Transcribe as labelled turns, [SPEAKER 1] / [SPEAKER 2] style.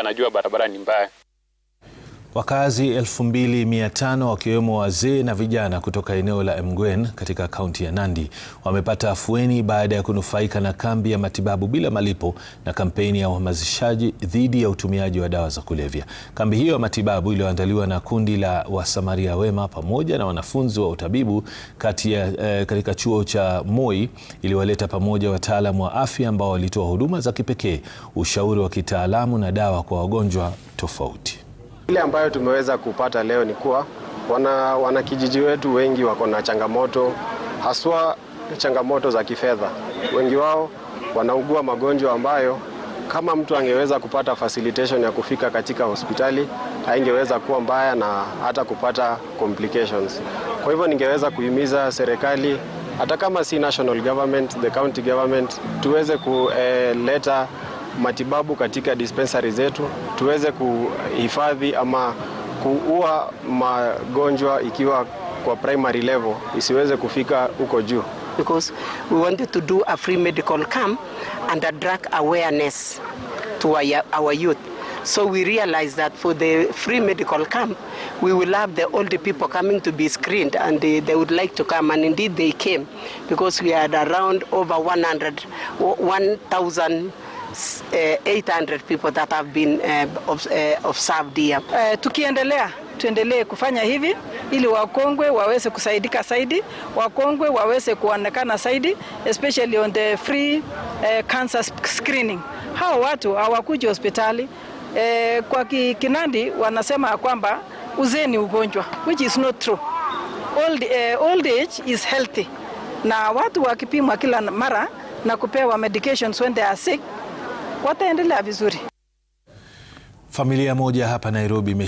[SPEAKER 1] anajua barabara ni mbaya. Wakazi 2500 wakiwemo wazee na vijana kutoka eneo la Emgwen katika kaunti ya Nandi wamepata afueni baada ya kunufaika na kambi ya matibabu bila malipo na kampeni ya uhamasishaji dhidi ya utumiaji wa dawa za kulevya. Kambi hiyo ya matibabu iliyoandaliwa na kundi la Wasamaria Wema pamoja na wanafunzi wa utabibu kati ya, eh, katika chuo cha Moi iliwaleta pamoja wataalamu wa afya ambao walitoa huduma za kipekee, ushauri wa kitaalamu na dawa kwa wagonjwa tofauti.
[SPEAKER 2] Ile ambayo tumeweza kupata leo ni kuwa wana wanakijiji wetu wengi wako na changamoto, haswa changamoto za kifedha. Wengi wao wanaugua magonjwa ambayo kama mtu angeweza kupata facilitation ya kufika katika hospitali haingeweza kuwa mbaya na hata kupata complications. Kwa hivyo ningeweza kuhimiza serikali hata kama si national government, the county government tuweze kuleta eh, matibabu katika dispensary zetu, tuweze kuhifadhi ama kuua magonjwa ikiwa kwa primary level isiweze kufika huko juu.
[SPEAKER 3] Because we wanted to do a free medical camp and a drug awareness to our, our youth. So we realized that for the free medical camp, we will have the older people coming to be screened and they, they would like to come. And indeed they came because we had around over 100, 1,000 800 eh, people that have been eh, eh, observed here.
[SPEAKER 4] Tukiendelea tuendelee kufanya hivi ili wakongwe waweze kusaidika zaidi, wakongwe waweze kuonekana zaidi, especially on the free cancer screening. Hao watu hawakuja hospitali uh, kwa Kinandi wanasema kwamba uzee ni ugonjwa, which is not true. Old, uh, old age is healthy, na watu wakipimwa kila mara na kupewa medications when they are sick wataendelea vizuri. Familia moja hapa Nairobi